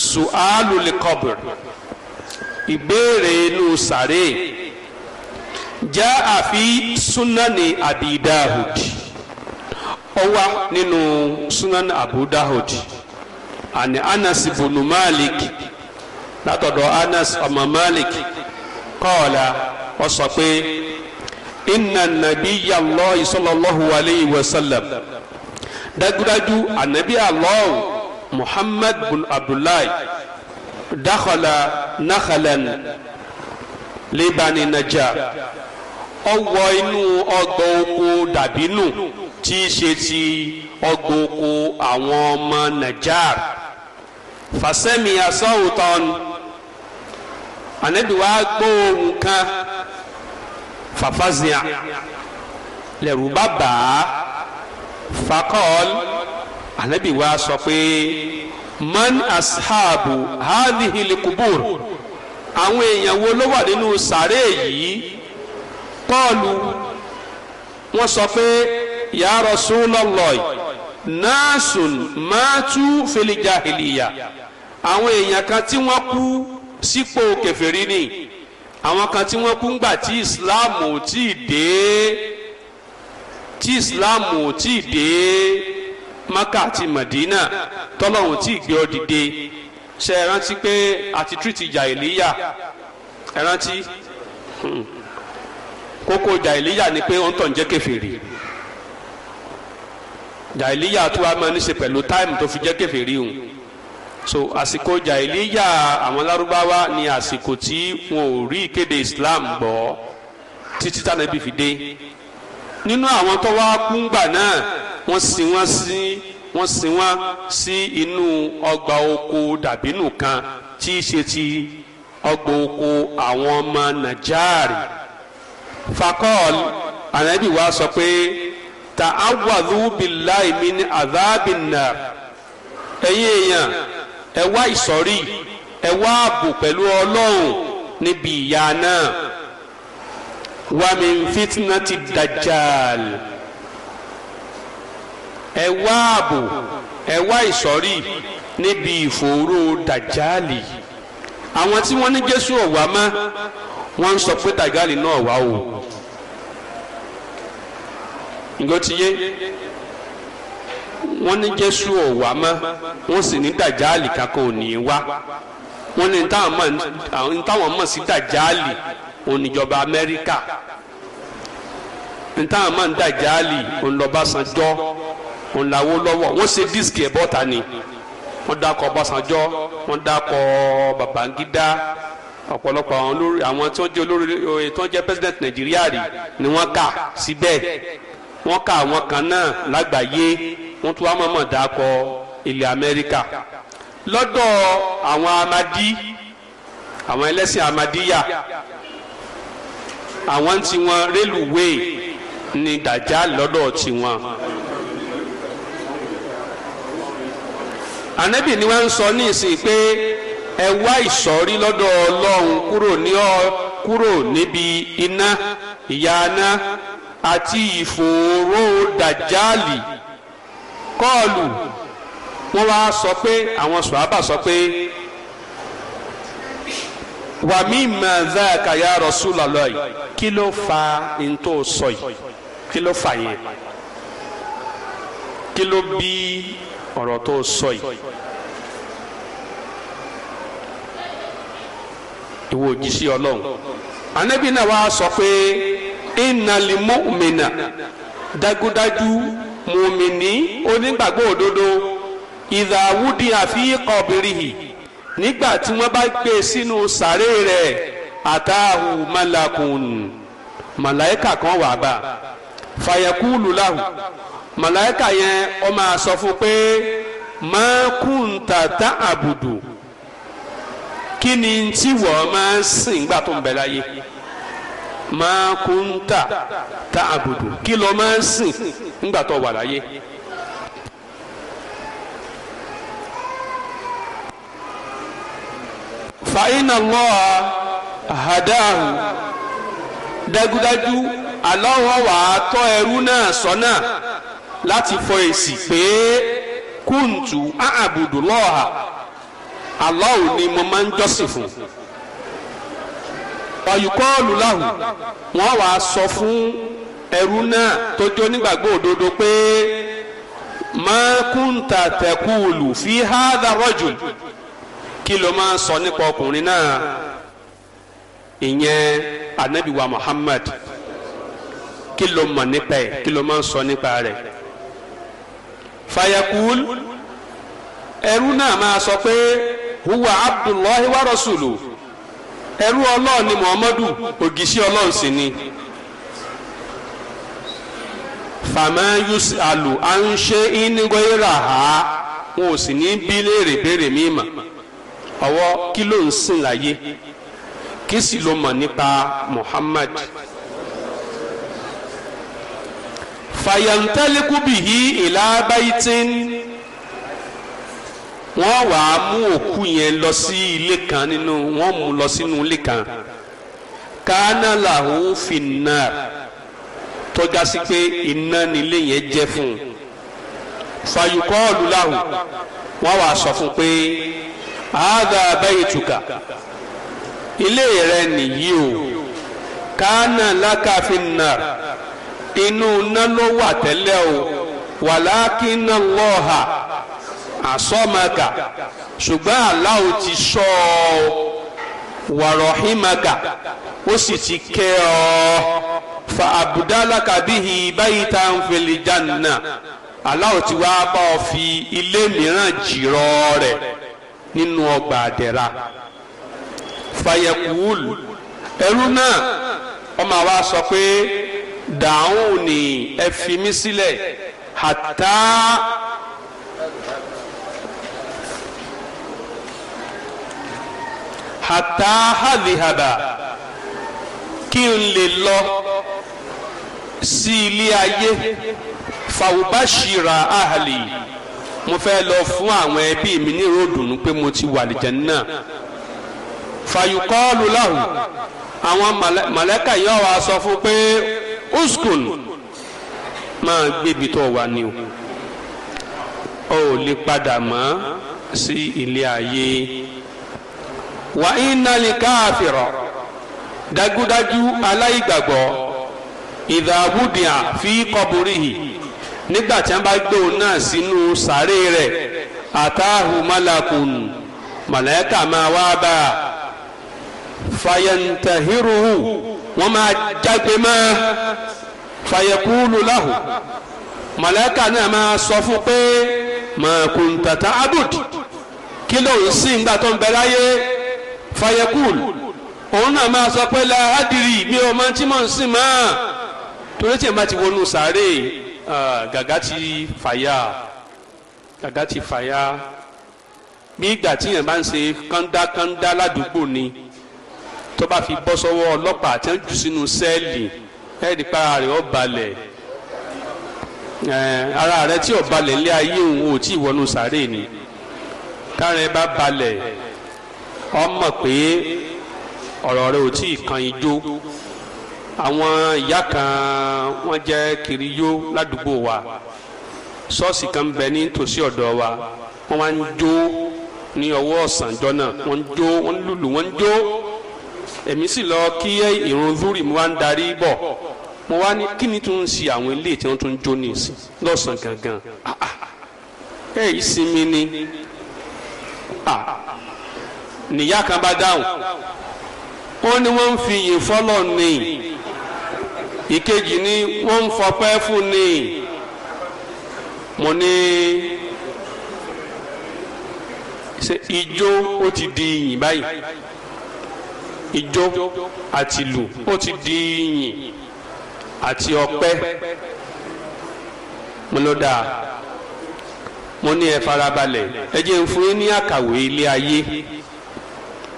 sualu likobir ìbéèrè inú sàré já àfi sunani abi dahud ó wà nínú sunan abu dahud àní anas ibùnú malik látọ̀dọ̀ anas ọmọ malik kọ́ọ̀la ó sọ pé inna nabiya allah sallallahu alayhi wa sallam anabi allah. محمد بن عبد الله nakhalan libani najar ó wọ inú ọgbà oko dàbínù tí í ṣe ti ọgbà oko àwọn ọmọ najar fasẹ́mi asọ́wùtọ́n anabi wa gbọ́ ohùn kan fàfàzìà lẹ́rù bàbà fakọ́ọ̀lù anabi wa sọ pé man ashabu hadhihi likubur àwọn èèyàn wo ló wà nínú sàréè yìí kọ́ọ̀lù wọ́n sọ pé ya Rasulullah naasun matu filijahiliya àwọn èèyàn kan tí wọ́n kú sípò kèfèrí ni àwọn kan tí wọ́n kú ńgbà tí Islam ò tí ì dé tí Islam ò tí ì dé maka àti madina tọ́lọ́hún tí ìgbé ọ dìde ṣe é rántí pé àti tírìtì jàìlíyà ẹ rántí hmm. kókó jàìlíyà ni pé ó ń tàn jẹ́ kèfèrí jàìlíyà tó wá máa ní ṣe pẹ̀lú táìmù tó fi jẹ́ kèfèrí òun so àsìkò jàìlíyà àwọn lárúbáwá ni àsìkò tí wọn ò rí ìkéde Islam gbọ́ títí tánàbí fi dé nínú àwọn tó wá kú ńgbà náà wọ́n sin wọ́n sí wọ́n sin wọ́n sí inú ọgbà oko dàbínù kan tí í ṣe ti ọgbà oko àwọn ọmọ nàjàárì fakọ́ọ̀l ànábì wa sọ pé ta awàdú billahi min àdábìnà ẹ̀yin èèyàn ẹ wá ìsọ̀rí ẹ wá ààbò pẹ̀lú ọlọ́run níbi ìyà náà wàmí fitna ti dajjal ẹ wá ààbò ẹ wá ìsọ̀rí níbi ìfòòró dàjáàlì àwọn tí wọ́n ní Jésù ọ̀wá mọ́ wọ́n ń sọ pé dàjáàlì náà wá o ǹgọ́ ti yé wọ́n ní Jésù ọ̀wá mọ́ wọ́n sì ní dàjáàlì kankan ò ní wá wọ́n ní táwọn mọ̀ sí dàjáàlì oníjọba Amẹ́ríkà ntáwọn máa ń dàjáàlì ònlọ́bàṣánjọ́ òun làwọn lọ́wọ́ wọ́n ṣe díìsì ẹ̀ bọ́ta ni wọ́n dákọ̀ Ọbásanjọ́ wọ́n dákọ̀ Babangida ọ̀pọ̀lọpọ̀ àwọn olórí àwọn tí wọ́n jẹ́ olórí eh, tí wọ́n jẹ́ president Nàìjíríà rí ni wọ́n kà síbẹ̀ wọ́n kà àwọn kan náà lágbàáyé wọ́n tún wá mọ̀mọ́ dákọ̀ ilẹ̀ Amẹ́ríkà lọ́dọ̀ àwọn Amadi àwọn ẹlẹ́sìn Amadiya àwọn tiwọn rélùwéè ni dàjà lọ́dọ̀ tiwọn. ànábì ni wọ́n ń sọ ní ìsìn pé ẹ wá ìsọ̀rí lọ́dọ̀ ọlọ́run kúrò ní ọ kúrò níbi iná ìyà aná àti ìfòòró dàjáàlì kọ́ọ̀lù wọ́n wá sọ pé àwọn sòhábà sọ pé wà mí màdá kàyà Rasulullah kí ló fa ntò sọ yìí kí ló fà yẹn kí ló bí ọ̀rọ̀ tó sọ yìí ìwọ òjíṣẹ́ Ọlọ́run anabi náà wàá sọ pé ìnàlí mọ́mìnà dágúdájú mọ́mìnì onígbàgbọ́ òdodo ìdààwúdì àfi kọ̀bìrìhì nígbà tí wọ́n bá gbé sínú sàré rẹ̀ àtàhù malakun màláìkà kan wà bá fàyẹ̀kú lùláhù. màláìkà yẹn ó máa sọ fún pé máa kúńtà tá àbùdù kí ni tí wọ́n máa sìn gbà tó ń bẹ láyé máa kúńtà tá àbùdù kí ló máa sìn ńgbà tó wà láyé. fàyínà lọ́wọ́ àhádáhù dájúdájú aláwọ̀ wàá tọ́ ẹrú náà láti fọ èsì pé kúntù àbùdù lọ́ọ̀hà aláwo ni mo máa ń jọ́sìn fún ọ̀yùkọ́ọ̀lù láwù wọ́n wàá sọ fún ẹrú náà tó jó nígbàgbọ́ òdodo pé máa kúntà tẹ̀kúùlù fi hádà rọ́jùl kí ló máa ń sọ nípa ọkùnrin náà ìyẹn anabiwa Muhammad kí ló mọ̀ nípa ẹ̀ kí ló máa ń sọ nípa rẹ̀. fayakul ẹrú náà máa sọ pé huwa abdullahi wa rasulu ẹrú ni muhammadu ògìṣẹ́ ọlọ́run sì ni famayus alu à ń ṣe ha wọn ò sì ní bí léèrè béèrè mí muhammad. fàyàntẹ́lẹ́kù bìhí ìlàbáyítín wọ́n wà á mú òkú yẹn lọ sí ilé kan nínú wọ́n mú lọ sínú ilé kan kánà làwọn fi nà tọ́já sí pé iná nílé yẹn jẹ́ fún un fàyùkọ́ wọ́n wà á sọ fún pé àádọ́ abẹ́yẹ tùkà ilé rẹ nìyí o kánà lákàfin nà. inú iná ló wà tẹ́lẹ̀ o wàlákínà lọ́ha àsọ́maka ṣùgbọ́n aláwo ti sọ ọ wàrọ̀hímaka ó sì ti kẹ́ ọ fa abudalaka bihi Bayita fil janna aláwo ti wá bá ọ fi ilé mìíràn jìrọ rẹ̀ nínú ọgbà àdẹ̀ra fàyẹ̀kùúlù ẹrú náà ọmọ àwa sọ pé. dàúnì ẹ fi mí sílẹ̀ hàtá hàtá hàlìhàbà kí n lè lọ sí ilé ayé fàwùbáṣìrà àhàlì mo fẹ́ lọ fún àwọn ẹbí mi ní ròdùnú pé mo ti wà lìjẹ́ náà fàyùkọ́ lùláhùn àwọn màlẹ́kà yóò wá sọ fún pé uskun máa gbébi tó wà ní o ọ ò lè padà mọ́ sí ilé ayé wà ìnàlè káàfìrọ̀ dájúdájú aláìgbàgbọ́ ìdàbùdìà fi kọbùrìhì nígbà tí wọ́n bá gbé òun náà sínú sàárè rẹ̀ àtàhùn málàkùn máa wá bá a fayantahiruhu wọ́n máa jágbe mọ́ fayakulu lahu màláíkà náà máa sọ fún pé ma kunta ta'bud kí ló ń sìn gbà tó ń bẹ láyé fayakul òun náà máa sọ pé la adìrì mi ò máa tí mò ń sìn mọ́ torí tí ẹ ti wọnú sàárè gàgá ti fàyà gàgá ti fàyà bí ìgbà tí yẹn bá ń ṣe kanda kanda ládùúgbò ni tó bá fi bọ́ sọ́wọ́ ọlọ́pàá tí wọ́n jù sínú sẹ́ẹ̀lì ẹ̀ẹ́dì para rẹ̀ ó balẹ̀ ara rẹ̀ tí ó balẹ̀ lé ayé òun ò tí ì wọnú sàárè ni tára ẹ bá balẹ̀ ó mọ̀ pé ọ̀rọ̀ rẹ̀ ò tí ì kan ijó àwọn ìyá kan wọ́n jẹ́ kiri ládùúgbò wa ṣọ́ọ̀ṣì kan bẹ ní tòsí ọ̀dọ̀ wa wọ́n wá ń jó ní ọwọ́ ọ̀sánjọ́ náà wọ́n ń jó wọ́n ń lùlù wọ́n ń jó èmi sì lọ kí ìrun zúrì mo wá ń darí bọ̀ mo wá ní kí ni tó ń ṣe àwọn ilé tí wọ́n tún jó ní ìsìn lọ́sàn-án gangan ẹ ìsinmi ni nìyá kan bá dáhùn wọ́n ní wọ́n ń fi iyì fọ́lọ̀ ní ìkejì ni wọ́n ń fọpẹ́ fún ní mo ní ṣe ijó ó ti di iyì báyìí ijó àti ìlù ó ti di ìyìn àti ọpẹ́ mo ló dáa mo ní ẹ farabalẹ̀ ẹ jẹ́ n fún yín ní àkàwé ilé ayé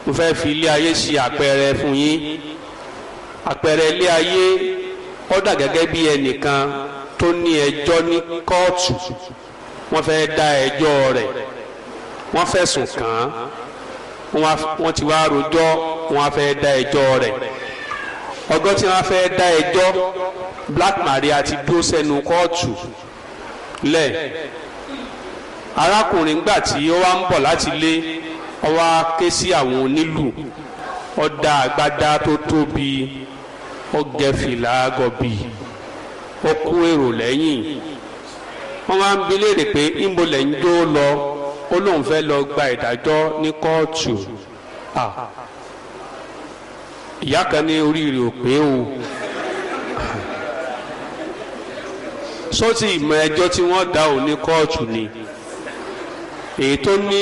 mo fẹ́ fi ilé ayé ṣe àpẹẹrẹ fún yín àpẹẹrẹ ilé ayé ó gẹ́gẹ́ bí ẹnìkan tó ní ẹjọ́ ní kóòtù wọ́n fẹ́ dá ẹjọ́ rẹ̀ wọ́n fẹ̀sùn kàn án wọ́n ti wá rojọ́ wọ́n á fẹ́ dá ẹjọ́ rẹ̀ tí wọ́n á fẹ́ dá Black Maria ti dó sẹ́nu kóòtù lẹ̀ arákùnrin gbà tí ó wá ń bọ̀ láti lé ó wá ké sí àwọn onílù ó dá tó tóbi ó gẹ fìlà èrò lẹ́yìn wọ́n máa ń bi léèrè pé ńbo lẹ̀ ń dó lọ ó lóun fẹ́ lọ gba ìdájọ́ ní kóòtù ìyá kan ní oríire ò pé o sọ́tì ìmọ̀ ẹjọ́ tí wọ́n dá ò ní kóòtù ni èyí tó ní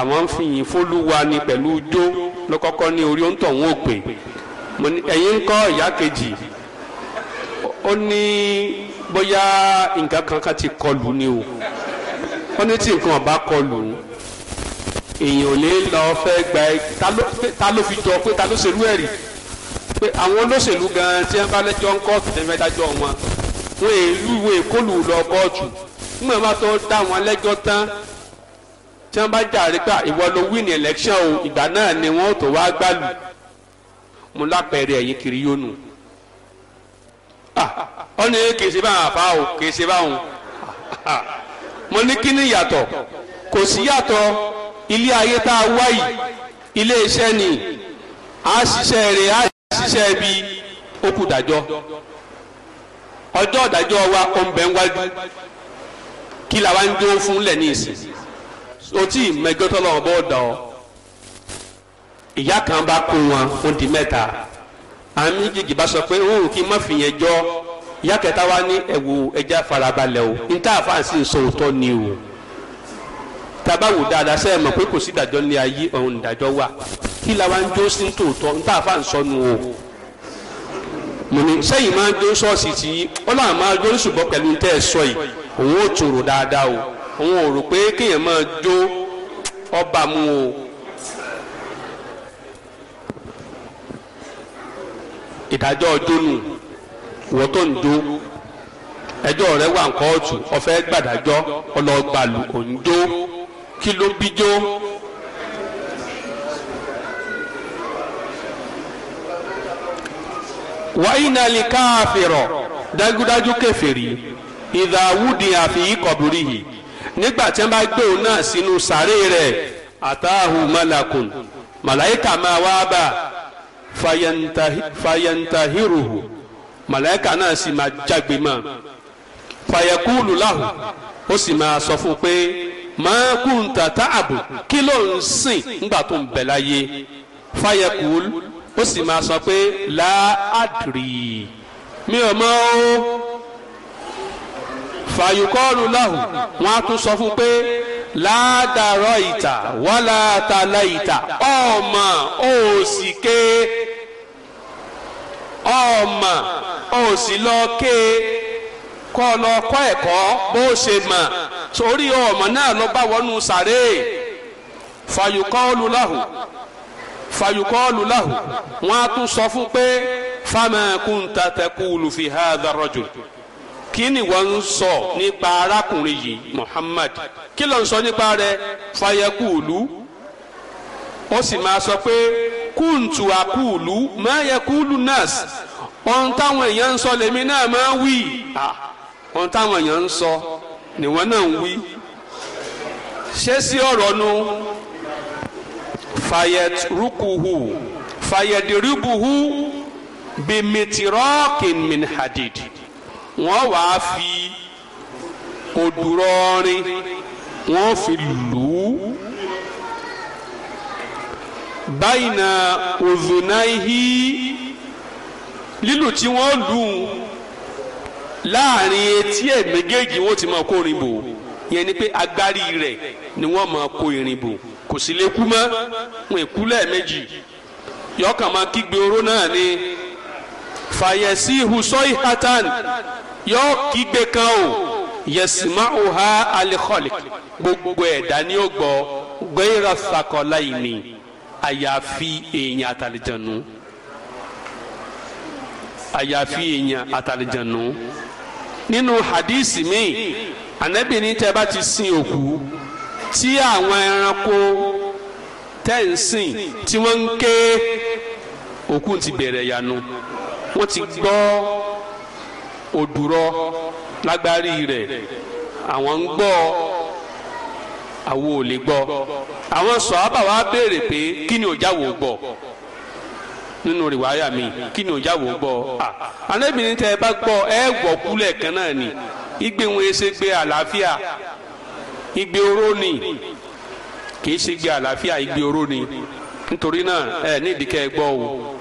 àwọn ń fìyìn fólúwa ni pẹ̀lú ijó lọ́kọ́kọ́ ní orí oúntọ̀ wọn ò pè ẹ̀yin ń kọ́ ìyá kejì ó ní bóyá nǹkan kan ti kọlù ni o wọ́n ní tí nǹkan ọba kọlù èèyàn ò lè lọ fẹ́ gba ta ló fi jọ pé ta ló ṣerú ẹ̀rí pé àwọn olóṣèlú gan-an tí wọ́n bá lẹ́jọ́ ń kóòtù tẹ́lẹ̀ mẹ́dájọ́ wọn wọn èlú ìwé kólù lọ kóòtù nígbà wọn bá tó dá wọn lẹ́jọ́ tán tí wọ́n bá jàre pé ìwọ ló win election o ìgbà náà ni wọ́n tó wá gbàlù mo lápẹẹrẹ ẹ̀yìn kiri yónù ọ ní kèsì báwọn àfa o kèsì báwọn mo ní kí ni yàtọ̀ kò sí yàtọ̀ ilé ayé tá a wá yìí ilé iṣẹ́ ni a ṣiṣẹ́ rẹ̀ a ṣiṣẹ́ bí ó kù dájọ́ ọjọ́ ìdájọ́ wa ó ń bẹ ń wájú kí la wá ń dúró fún lẹ̀ ní ìsìn o tí mẹjọ́tọ́ lọ́wọ́ dà ọ́ ìyá kan bá kó wọn ó di mẹ́ta àmì jìjì bá sọ pé ó kí n má fìyẹn jọ́ ìyá kẹta wa ní ẹ̀wù ẹja farabalẹ̀ o níta si ń sọ òótọ́ ni o tabawo dáadáa sẹ́yìn mọ̀ pé kò sí ìdájọ́ ní ayé ọ̀hún ìdájọ́ wà kí la wá ń jó sí tòótọ́ níta àfáà nu o mo ní sẹ́yìn máa ń jó sọ́ọ̀sì tí ọlọ́run máa jó ní ṣùgbọ́n pẹ̀lú tẹ́ ẹ sọ yìí òun ò tòrò dáadáa o òun ò rò pé kéèyàn máa jó ọba mu o. ìdájọ́ nù. wọ́n tó ń do ẹjọ́ rẹ wà ń kóòtù ọ̀fẹ́ gbàdájọ́ ọlọ́gbàlù kò ń do kí ló bí jó. wàyínà lè káàfìrọ̀ dájúdájú kẹfìrí kọ̀bùrì yìí nígbà tí wọ́n bá malakun máa wá bá màláìka náà sì máa jágbe mọ́ fàyẹ̀kúlù láhùn ó sì máa sọ fún un pé máa kú ń tàtà àbò kí ló ń sìn nígbà tó ń bẹ̀ láyé fàyẹ̀kúlù ó sì máa sọ pé láàdìrì mi ò mọ̀ o fàyẹ̀kúlù láhùn wọ́n á tún sọ fún un pé ládàárọ̀ ìta wọ́lá tàlà ìta ọmọ òsìké ọmọ. o sì lọ ké e. kọ́ lọ kọ́ ẹ̀kọ́ bó ṣe mọ̀ sórí ọmọ náà lọ bá wọnú sàréè fàyùkọ́ọ̀lù láhù fàyùkọ́ọ̀lù láhù wọ́n á tún sọ fún pé fámẹ́kùn tàtẹ́kù lùfi hàdà rọ́jò kí ni wọ́n ń sọ nípa arákùnrin yìí Muhammad kí ló ń sọ nípa rẹ̀ fàyẹkùlù ó sì máa sọ pé kùntù àkùlù máyẹkùlù nas ohun táwọn èèyàn ń sọ lèmi náà máa wí ohun táwọn èèyàn ń sọ nìwọ́n náà ń wí ṣé sí ọ̀rọ̀ nu fayet rukuhu fayet ribuhu bimitirokin min hadid wọ́n wàá fi odùrọ̀ọ́rin wọ́n fi lù ú báyìí na òzùnáìhí. lílù tí wọ́n lù ú láàrin etí ẹ̀ méjèèjì wọ́n ti máa kó irin bò yẹn ni pé agbárí rẹ̀ ni wọ́n máa kó irin bò kò sí lè kú mọ́ wọn èkú lẹ́ẹ̀mejì yọkàn máa kígbe oró náà ni fàyẹ̀sí hùsọ́ì hatan yọ kígbe kan o yẹ̀sìmá òhà alẹ́kọ̀lẹ̀ gbogbo ẹ̀dá ni ó gbọ́ gbẹ́yìí ra sàkọ́lá ìní àyàfi èèyàn àtàlẹ́jọ̀nù. àyàfi èèyàn àtàlìjànù nínú hadisi mi ànábì ní tẹ́ bá ti sin òkú tí àwọn ẹranko tẹ́ ń sìn tí wọ́n ń ké òkú ti bẹ̀rẹ̀ yanu wọ́n ti gbọ́ òdùrọ̀ lágbárí rẹ̀ àwọn ń gbọ́ àwọn ò lè gbọ́ àwọn sọ̀hábà wa béèrè pé kí ni òjáwò gbọ́ nínú rìwáyà mi kí ni òjá gbọ́ à anábìrin tẹ ẹ bá gbọ́ ẹ gbọ́ kúlẹ̀ kan náà ni igbe wọn ṣe gbé àlàáfíà igbe oró ni kì í ṣe gbé àlàáfíà igbe oró ni nítorí náà ẹ ẹ gbọ́ o.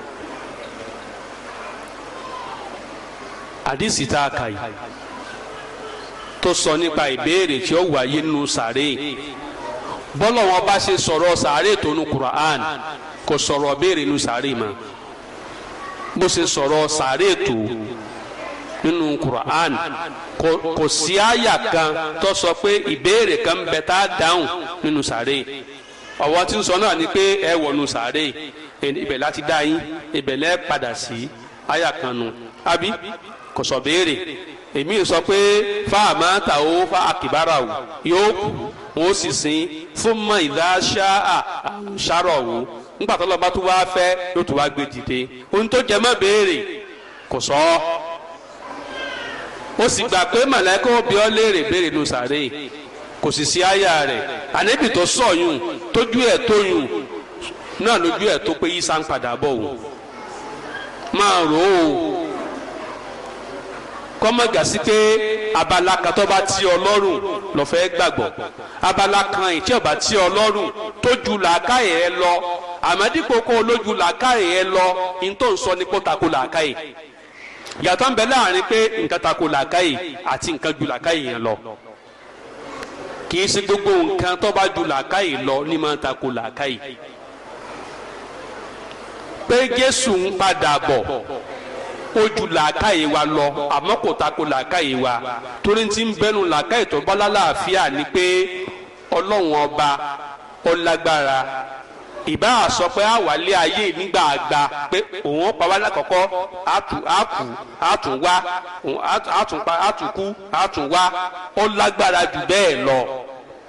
àdìsí tá a kà yìí tó sọ nípa ìbéèrè tí ó wáyé nínú sàréè bọ́lọ̀ wọn bá ṣe sọ̀rọ̀ tó nu Qur'an kò sọ̀rọ̀ béèrè nu mọ́. bó ṣe sọ̀rọ̀ sàárè tó nínú Quran kò sí àyà kan tó sọ pé ìbéèrè kan bẹ tá a dáhùn nínú sàárè ọ̀wọ́ tí ń sọ náà ni pé ẹ wọ̀nù sàárè ibẹ̀ láti dá yín ibẹ̀ lẹ́ padà sí àyà kan nù àbí kò sọ béèrè èmi sọ pé fáàmà tàó fá àkìbára o yóò kù wọn ó sì sin fún mọ ìdá ṣáà àrùn ṣárọ̀ ńgbà tó lọ́ba tó wá fẹ́ yóò tó wá gbé dìde ohun tó jẹ mọ́ béèrè kò sọ ọ́ ó sì gbà pé màláíkà ó bi ọ́ léèrè béèrè ló sàré kò sì sí àyà rẹ̀ ànẹ́bì tó sọ̀yún tójú ẹ̀ tóyún náà lójú ẹ̀ tó pé yísà ń padà bọ̀ wò máa rò ó kọ́mọ̀ gà sí pé abala kan tó bá ti ọlọ́run lọ́fẹ́ gbàgbọ́ abala kan ìtí ọba ti ọlọ́run tó ju làákàyè ẹ lọ àmọ́dípò kó lójú làákàyè ẹ lọ ní tó ń sọ ní kó tako làákàyè yàtọ̀ ń bẹ láàrin pé nǹkan tako làákàyè àti nǹkan ju làákàyè yẹn lọ kì í ṣe gbogbo nǹkan tó bá ju làákàyè lọ ní máa ń tako làákàyè pé Jésù ń padà bọ̀. ó ju làákàyè wa lọ àmọ́ kò tako làákàyè wa torí ti ń bẹnu làákàyè tó bá lálàáfíà ni pé ọlọ́run ọba ọlágbára ìbá àsọ pé a wà lé ayé nígbà àgbà pé òun ó pa wá lákọ̀ọ́kọ́ àtù àkù àtù lọ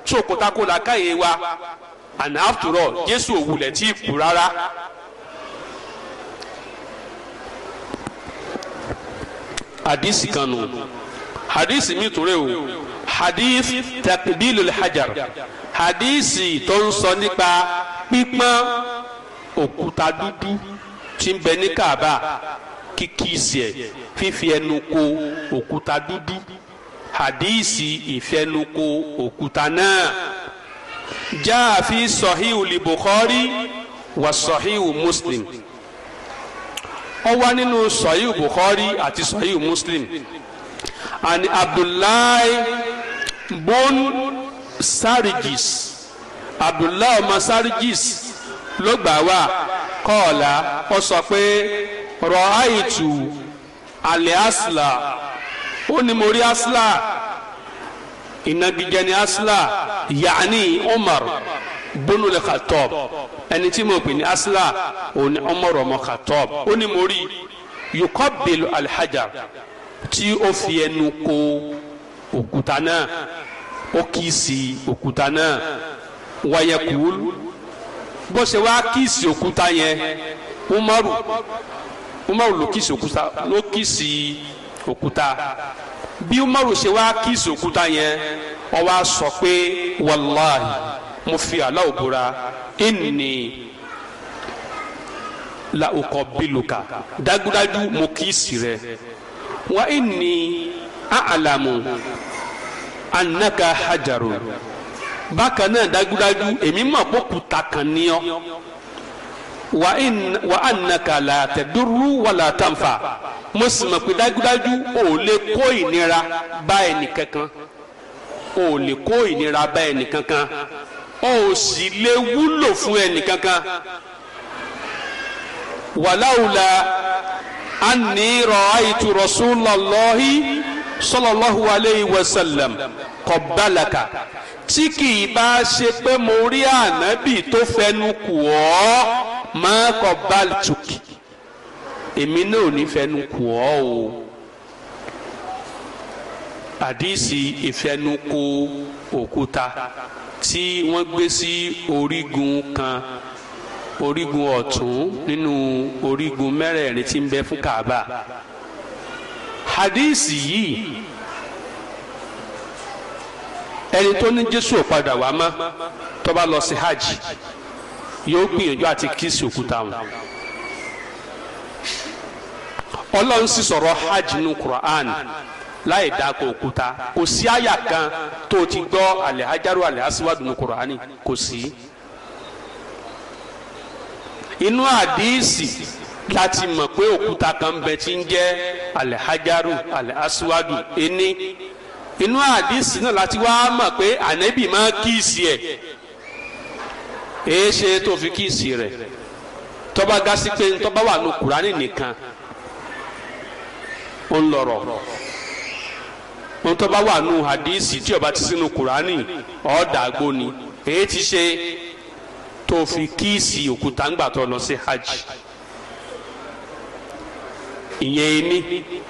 tí òkúta wa and after all jésù òwúlẹ̀ tí ì kú hadisi kan nù hadisi mi tún rè o hadith takdilul hajar hadisi tó ń sọ nípa pípọ́n òkúta dúdú tí ń bẹ ní kaaba kíkí sí ẹ fífi ẹnu kò òkúta dúdú hadisi ìfẹnukò òkúta náà jáà fi sọ̀híù li Bukhari wà sọ̀híù Muslim. Muslim ó wà nínú sahih bukhari àti sahih muslim àni abdullahi bon sarigis abdullahi ọmọ sarigis ló gbà wá kọ́ọ̀lá ó sọ pé rọ́háìtù alẹ́ asla ó ní mo rí asla ìnagijẹ ni asla yaani umar bonul khatab ẹni tí mo pè ní asla òní ọmọrọ ọmọ Khattab ó ní mo rí yuqabbilu alhajar tí ó fi ẹnu kò òkúta náà ó kíìsì òkúta náà wayakul bó ṣe wá kíìsì òkúta yẹn umaru umaru ló kíìsì òkúta ló kíìsì òkúta bí umaru ṣe wá kíìsì òkúta yẹn ó wá sọ pé wàláhi mo fi aláwọ̀ búra inni la ọkọ̀ bílùkà dájúdájú mo kì í sì rẹ wa inni a'lamu anaka hajaru bákan náà dájúdájú èmi mọ̀ pé òkúta kan ní ọ wa anaka la tadurru wa la tanfa mo sì mọ̀ pé dájúdájú ò lè kó ìnira bá ẹnì kankan ò lè kó ìnira bá ẹnì kankan ò sì lè wúlò fún ẹnìkankan wàláwùlà anni ra'aytu rasulallahi sallallahu alayhi wa sallam qabbalaka tí kì í bá ṣe pé mo rí ànábì tó fẹnu kù ọ́ ma qabbaltuki èmi náà ò ní fẹnu kù ọ́ o. àdìsí Ifenukwu òkúta tí wọ́n gbé sí orígun kan orígun ọ̀tún nínú orígun mẹ́rẹ̀ẹ̀rin tí ń bẹ fún kaaba àdìsí yìí ẹni tó ní jésù ò padà wá mọ́ tó bá lọ sí hajj yóò gbìyànjú àti kíìsì òkúta wọn ọlọ́run sì sọ̀rọ̀ hajj nu Qur'an. láì dá kó òkúta kò sí àyà kan tó ti gbọ́ alihajaru alihasiwadu ní kurani kò sí. inú àdìsí láti mọ̀ pé òkúta kan bẹ ti ń jẹ́ alihajaru alihasiwadu ẹni inú àdìsí náà láti wá mọ̀ pé ànẹ́bì máa kíìsì ẹ̀ èé ṣe tó fi kíìsì rẹ̀ tọ́ba gásí pé ntọ́ba wà ní nìkan ó ń lọ̀rọ̀. ní tó bá wà nù hadisi tí ó bá ti sínú kurani ọ̀ọ́dàgbò ni èyí ti ṣe tó fi kíìsì òkúta ńgbà tó lọ sí hajj ìyẹn ni.